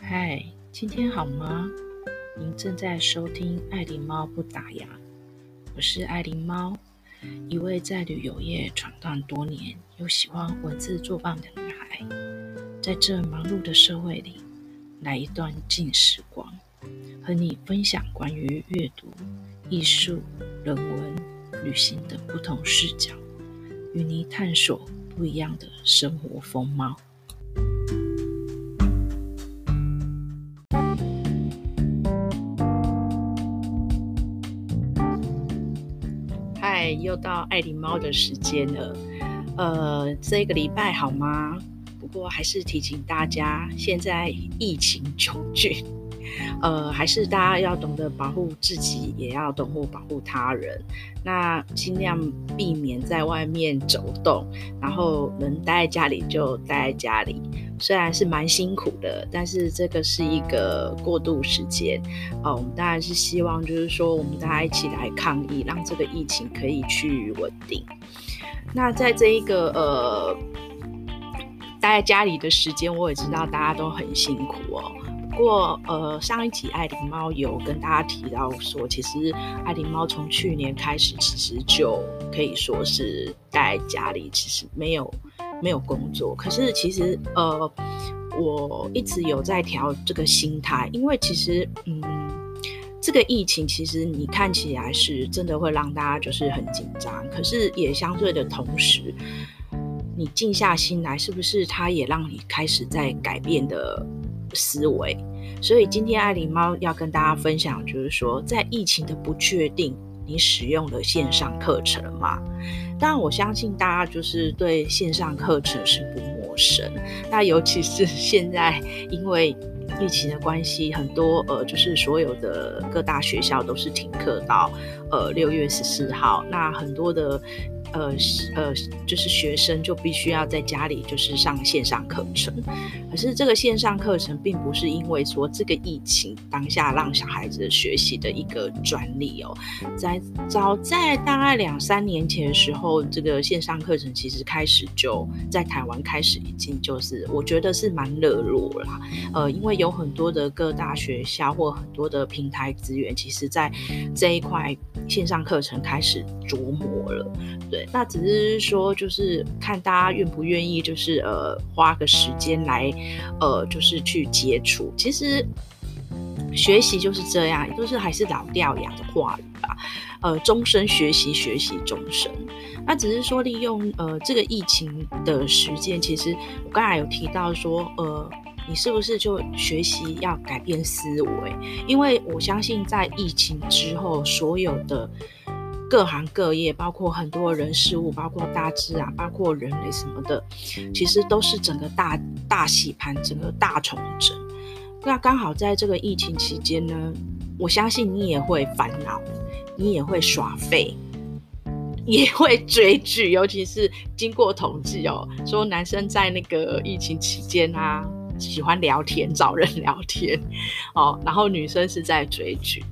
嗨，Hi, 今天好嗎？您正在收聽《愛狸貓不打烊》，我是愛狸貓，一位在旅遊業闖蕩多年又喜歡文字作伴的女孩。在這忙碌的社會裡，來一段靜時光，和你分享關於閱讀、藝術、人文、旅行等不同視角，與你探索不一樣的生活風貌。又到愛狸貓的時間了，呃，這個禮拜好嗎？不過還是提醒大家，現在疫情嚴峻。呃，還是大家要懂得保護自己，也要懂得保護他人。那儘量避免在外面走動，然後能待在家裡就待在家裡。雖然是蠻辛苦的，但是這個是一個過渡時間。哦、呃，我們當然是希望，就是說我們大家一起來抗疫，讓這個疫情可以去穩定。那在這一個呃待在家裡的時間，我也知道大家都很辛苦哦。不過呃，上一集愛麗貓有跟大家提到說，其實愛麗貓從去年開始，其實就可以說是待在家裡，其實沒有沒有工作。可是其實呃，我一直有在調這個心態，因為其實嗯，這個疫情其實你看起來是真的會讓大家就是很緊張，可是也相對的同時，你靜下心來，是不是它也讓你開始在改變的思維？所以今天愛琳貓要跟大家分享，就是說在疫情的不確定，你使用了線上課程嗎？當然，我相信大家就是對線上課程是不陌生。那尤其是現在，因為疫情的關係，很多呃，就是所有的各大學校都是停課到呃六月十四號。那很多的。呃，呃，就是學生就必須要在家裡，就是上線上課程。可是這個線上課程並不是因為說這個疫情當下讓小孩子學習的一個專利哦，在早在大概兩三年前的時候，這個線上課程其實開始就在台灣開始已經就是我覺得是蠻熱絡啦。呃，因為有很多的各大學校或很多的平台資源，其實在這一塊。線上課程開始琢磨了，對，那只是說，就是看大家願不願意，就是呃，花個時間來，呃，就是去接觸，其實。學習就是這樣，都是還是老掉牙的話語吧。呃，終身學習，學習終身。那只是說利用呃這個疫情的時間，其實我剛才有提到說，呃，你是不是就學習要改變思維？因為我相信在疫情之後，所有的各行各業，包括很多人事物，包括大自然啊，包括人類什麼的，其實都是整個大大洗盤，整個大重整。那剛好在這個疫情期間呢，我相信你也會煩惱，你也會耍廢，也會追劇。尤其是經過統計哦，說男生在那個疫情期間啊，喜歡聊天，找人聊天，哦，然後女生是在追劇。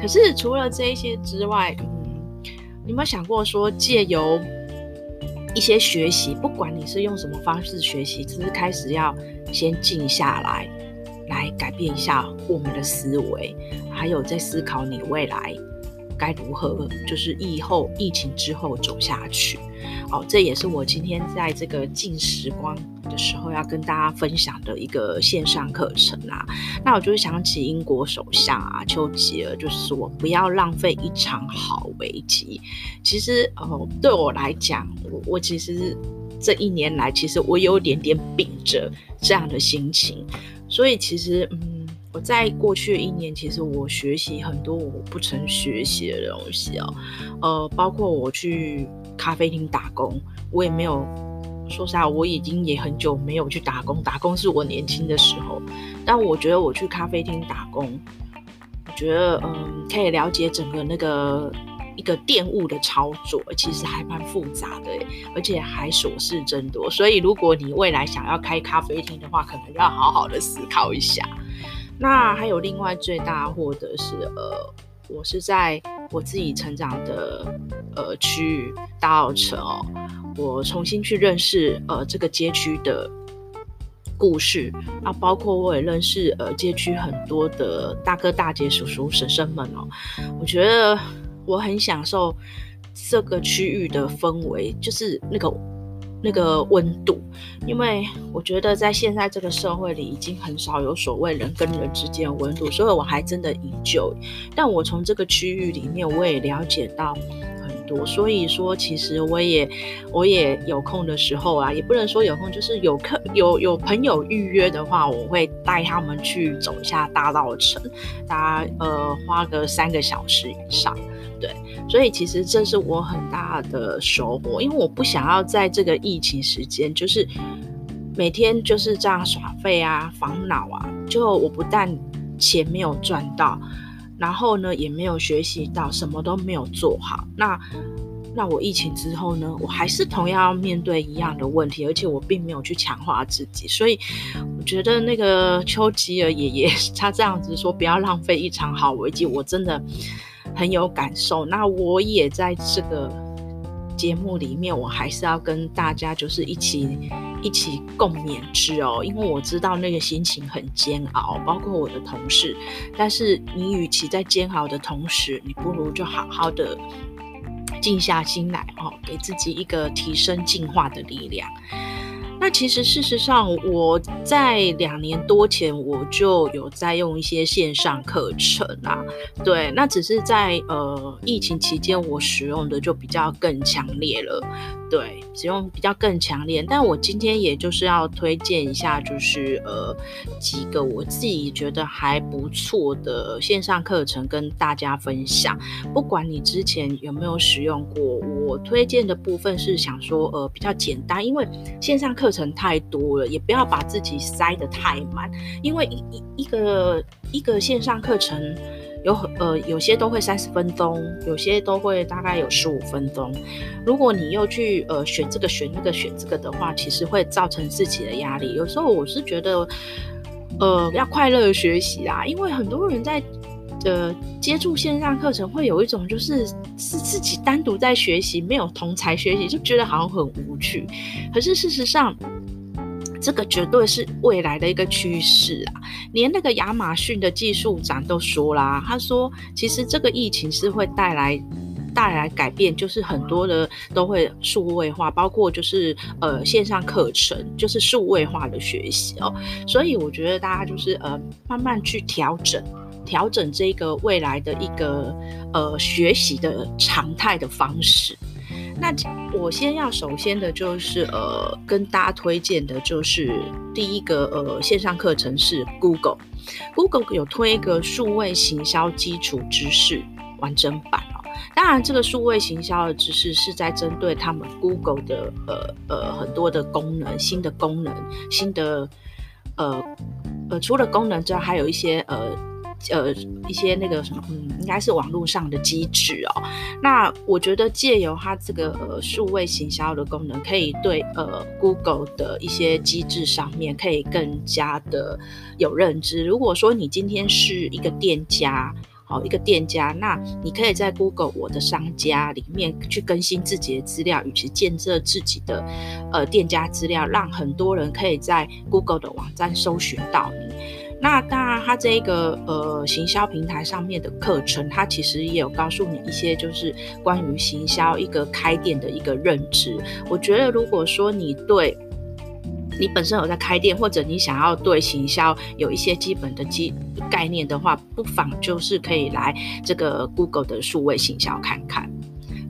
可是除了這一些之外，嗯，你有沒有想過說借由一些學習，不管你是用什麼方式學習，只是開始要先靜下來。來改變一下我們的思維，還有在思考你未來該如何，就是疫後、疫情之後走下去。哦，這也是我今天在這個靜時光的時候要跟大家分享的一個線上課程啊。那我就想起英國首相啊丘吉爾，就是說不要浪費一場好危機。其實哦，對我來講，我我其實這一年來，其實我有點點秉着這樣的心情。所以其實，嗯，我在過去一年，其實我學習很多我不曾學習的東西哦，呃，包括我去咖啡廳打工，我也沒有說實話，我已經也很久沒有去打工，打工是我年輕的時候，但我覺得我去咖啡廳打工，我覺得，嗯、呃，可以了解整個那個。一個電務的操作其實還蠻複雜的，而且還瑣事真多。所以，如果你未來想要開咖啡廳的話，可能要好好的思考一下。那還有另外最大穫的是，呃，我是在我自己成長的呃區域大稻埕哦，我重新去認識呃這個街區的故事啊，包括我也認識呃街區很多的大哥大姐、叔叔嬸嬸們哦，我覺得。我很享受這個區域的氛圍，就是那個那個溫度，因為我覺得在現在這個社會裡，已經很少有所謂人跟人之間的溫度，所以我還真的依舊。但我從這個區域裡面，我也了解到。所以說其實我也我也有空的時候啊，也不能說有空，就是有客有有朋友預約的話，我會帶他們去走一下大稻埕，大家呃花個三個小時以上，對，所以其實這是我很大的收穫，因為我不想要在這個疫情時間，就是每天就是這樣耍廢啊、煩惱啊，就我不但錢沒有賺到。然後呢，也沒有學習到，什麼都沒有做好。那那我疫情之後呢，我還是同樣要面對一樣的問題，而且我並沒有去強化自己。所以我覺得那個丘吉爾爺爺他這樣子說不要浪費一場好危機，我真的很有感受。那我也在這個。節目裡面，我還是要跟大家就是一起一起共勉之哦，因為我知道那個心情很煎熬，包括我的同事。但是你與其在煎熬的同時，你不如就好好的靜下心來哦，給自己一個提升進化的力量。那其實，事實上，我在兩年多前我就有在用一些線上課程啊，對，那只是在呃疫情期間我使用的就比較更強烈了，對，使用比較更強烈。但我今天也就是要推薦一下，就是呃幾個我自己覺得還不錯的線上課程跟大家分享。不管你之前有沒有使用過，我推薦的部分是想說，呃，比較簡單，因為線上課程。程太多了，也不要把自己塞得太滿，因為一一一個一個線上課程有呃有些都會三十分鐘，有些都會大概有十五分鐘。如果你又去呃選這個選那個選這個的話，其實會造成自己的壓力。有時候我是覺得，呃要快樂的學習啊，因為很多人在。呃，接觸線上課程會有一種就是是自己單獨在學習，沒有同儕學習，就覺得好像很無趣。可是事實上，這個絕對是未來的一個趨勢啊！連那個亞馬遜的技術長都說啦，他說：“其實這個疫情是會帶來帶來改變，就是很多的都會數位化，包括就是呃線上課程，就是數位化的學習哦。”所以我覺得大家就是呃慢慢去調整。調整這個未來的一個呃學習的常態的方式。那我先要首先的就是呃跟大家推薦的就是第一個呃線上課程是 Google，Google 有推一個數位行銷基礎知識完整版哦。當然，這個數位行銷的知識是在針對他們 Google 的呃呃很多的功能、新的功能、新的呃呃，除了功能之外，還有一些呃。呃，一些那個什麼，嗯，應該是網絡上的機制哦。那我覺得借由它這個呃數位行銷的功能，可以對呃 Google 的一些機制上面，可以更加的有認知。如果說你今天是一個店家，好、哦、一個店家，那你可以在 Google 我的商家裡面去更新自己的資料，與其建設自己的呃店家資料，讓很多人可以在 Google 的網站搜尋到你。那當然，它這個呃行銷平台上面的課程，它其實也有告訴你一些，就是關於行銷一個開店的一個認知。我覺得，如果說你對你本身有在開店，或者你想要對行銷有一些基本的基概念的話，不妨就是可以來這個 Google 的數位行銷看看。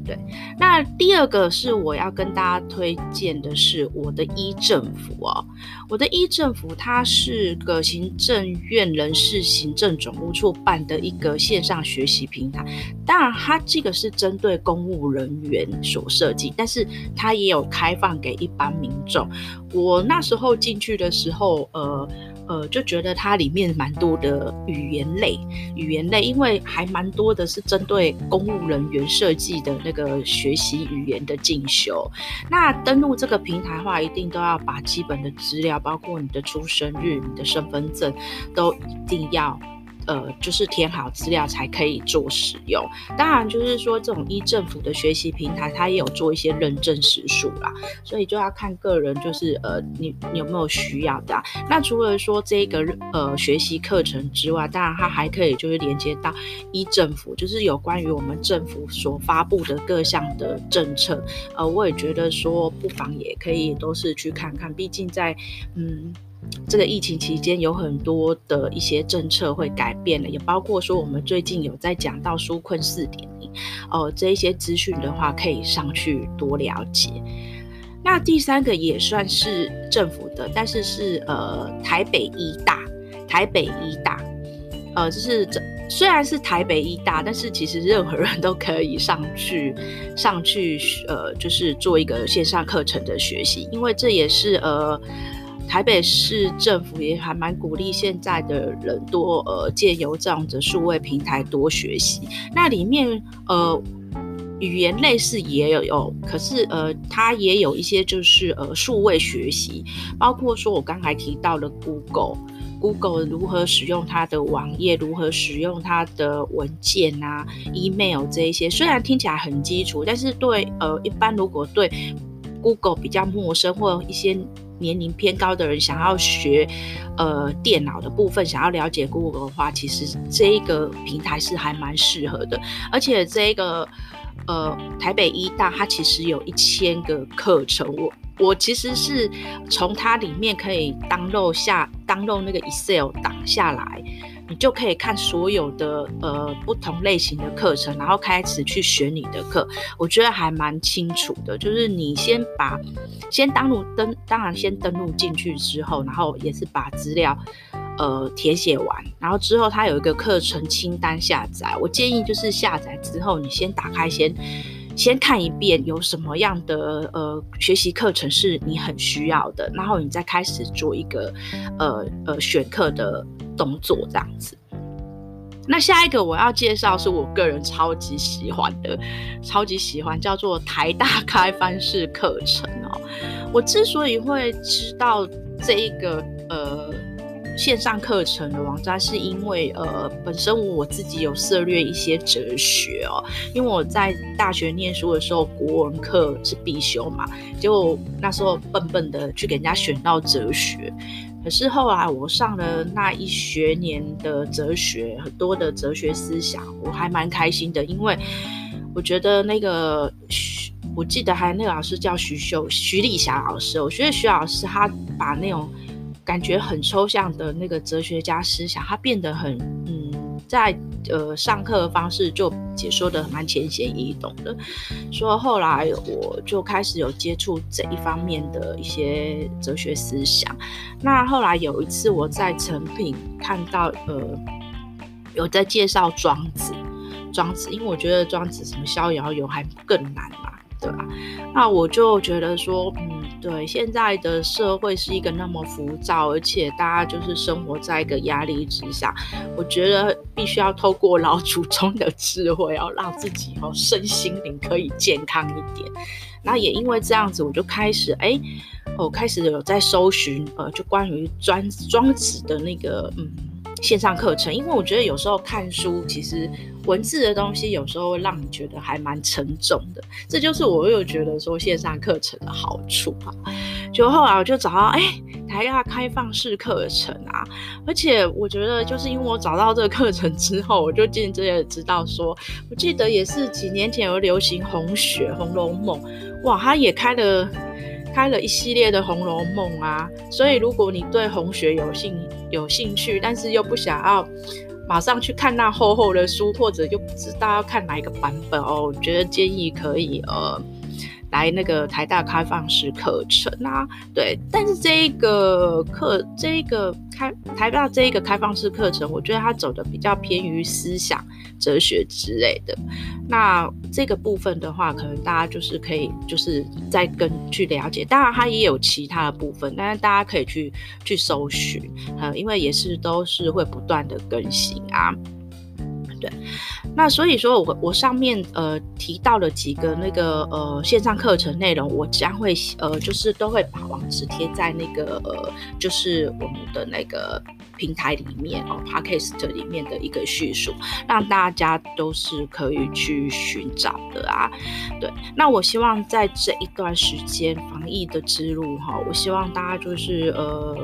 對，那第二個是我要跟大家推薦的是我的 E 政府哦，我的 E 政府它是個行政院人事行政總務處辦的一個線上學習平台，當然它這個是針對公務人員所設計，但是它也有開放給一般民眾。我那時候進去的時候，呃。呃，就覺得它裡面蠻多的語言類，語言類，因為還蠻多的是針對公務人員設計的那個學習語言的進修。那登錄這個平台的話，一定都要把基本的資料，包括你的出生日、你的身份證，都一定要。呃，就是填好資料才可以做使用。當然，就是說這種 E 政府的學習平台，它也有做一些認證時數啦，所以就要看個人，就是呃你，你有沒有需要的啊。那除了說這個呃學習課程之外，當然它還可以就是連接到 E 政府，就是有關於我們政府所發布的各項的政策。呃，我也覺得說不妨也可以也都是去看看，畢竟在嗯。這個疫情期間有很多的一些政策會改變了，也包括說我們最近有在講到紓困四點零哦，這一些資訊的話可以上去多了解。那第三個也算是政府的，但是是呃台北 e 大，台北 e 大，呃就是這雖然是台北 e 大，但是其實任何人都可以上去上去呃就是做一個線上課程的學習，因為這也是呃。台北市政府也還蠻鼓勵現在的人多呃借由這樣的數位平台多學習。那裡面呃語言類似也有有、哦，可是呃它也有一些就是呃數位學習，包括說我剛才提到了 Google，Google 如何使用它的網頁，如何使用它的文件啊、Email 這一些，雖然聽起來很基礎，但是對呃一般如果對 Google 比較陌生或一些，年齡偏高的人想要學，呃，電腦的部分，想要了解 Google 的話，其實這一個平台是還蠻適合的。而且這一個，呃，臺北 e 大它其實有一千個課程，我我其實是從它裡面可以 download 下 download 那個 Excel 檔下來。你就可以看所有的呃不同類型的課程，然後開始去學你的課，我覺得還蠻清楚的。就是你先把先登錄登，當然先登錄進去之後，然後也是把資料呃填寫完，然後之後它有一個課程清單下載。我建議就是下載之後，你先打開先。先看一遍，有什麼樣的呃學習課程是你很需要的，然後你再開始做一個呃呃選課的動作這樣子。那下一個我要介紹是我個人超級喜歡的，超級喜歡叫做台大開放式課程哦。我之所以會知道這一個呃。線上課程的網站是因為，呃，本身我自己有涉略一些哲學哦，因為我在大學念書的時候，國文課是必修嘛，就那時候笨笨的去給人家選到哲學，可是後來我上了那一學年的哲學，很多的哲學思想，我還蠻開心的，因為我覺得那個徐，我記得還有那個老師叫徐秀、徐麗霞老師，哦，我覺得徐老師他把那種。感覺很抽象的那個哲學家思想，他變得很嗯，在呃上課的方式就解說的蠻淺顯易懂的，所以後來我就開始有接觸這一方面的一些哲學思想。那後來有一次我在誠品看到呃有在介紹莊子、莊子，因為我覺得莊子什麼逍遙遊還更難嘛，對吧？那我就覺得說嗯。對，現在的社會是一個那麼浮躁，而且大家就是生活在一個壓力之下，我覺得必須要透過老祖宗的智慧，哦，要讓自己哦身心靈可以健康一點。那也因為這樣子，我就開始哎，我開始有在搜尋呃，就關於莊莊子的那個嗯。線上課程，因為我覺得有時候看書，其實文字的東西有時候會讓你覺得還蠻沉重的，這就是我又覺得說線上課程的好處啊。就後來我就找到哎臺大開放式課程啊，而且我覺得就是因為我找到這個課程之後，我就漸漸也知道說，我記得也是幾年前有流行紅學《紅樓夢》，哇，他也開了。開了一系列的《紅樓夢》啊，所以如果你對紅學有興有興趣，但是又不想要馬上去看那厚厚的書，或者又不知道要看哪一個版本哦，我覺得建議可以呃來那個台大開放式課程啊，對，但是這一個課，這一個開台大這一個開放式課程，我覺得它走得比較偏於思想。哲學之類的，那這個部分的話，可能大家就是可以，就是再跟去了解。當然，它也有其他的部分，但是大家可以去去搜尋，嗯，因為也是都是會不斷的更新啊。那所以說我我上面呃提到了幾個那個呃線上課程內容，我將會呃就是都會把網址貼在那個、呃、就是我們的那個平台裡面哦 Podcast 裡面的一個敘述，讓大家都是可以去尋找的啊。對，那我希望在這一段時間防疫的之路哈、哦，我希望大家就是呃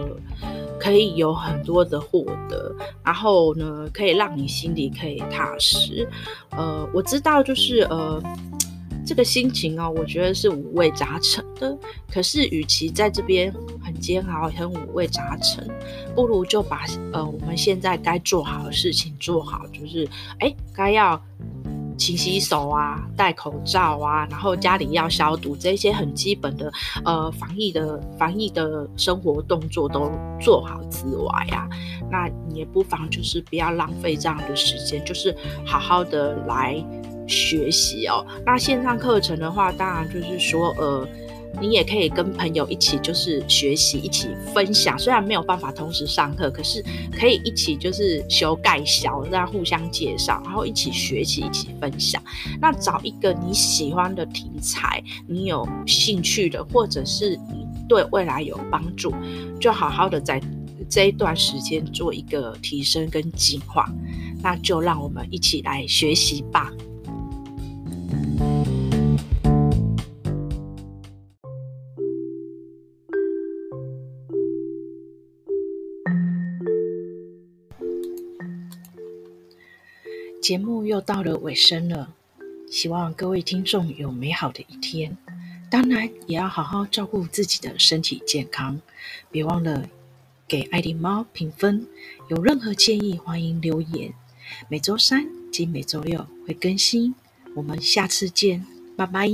可以有很多的獲得，然後呢可以讓你心裡可以。踏實，呃，我知道，就是呃，這個心情哦，我覺得是五味雜陳的。可是，與其在這邊很煎熬，很五味雜陳，不如就把呃我們現在該做好的事情做好，就是哎，該、欸、要。勤洗，洗手啊，戴口罩啊，然後家裡要消毒，這些很基本的呃防疫的防疫的生活動作都做好之外啊，那你也不妨就是不要浪費這樣的時間，就是好好的來學習哦。那線上課程的話，當然就是說呃。你也可以跟朋友一起，就是學習，一起分享。雖然沒有辦法同時上課，可是可以一起就是修改小，讓互相介紹，然後一起學習，一起分享。那找一個你喜歡的題材，你有興趣的，或者是你對未來有幫助，就好好的在這一段時間做一個提升跟進化。那就讓我們一起來學習吧。節目又到了尾聲了，希望各位聽眾有美好的一天，當然也要好好照顧自己的身體健康。別忘了給愛丁貓評分，有任何建議歡迎留言。每周三及每周六會更新，我們下次見，拜拜。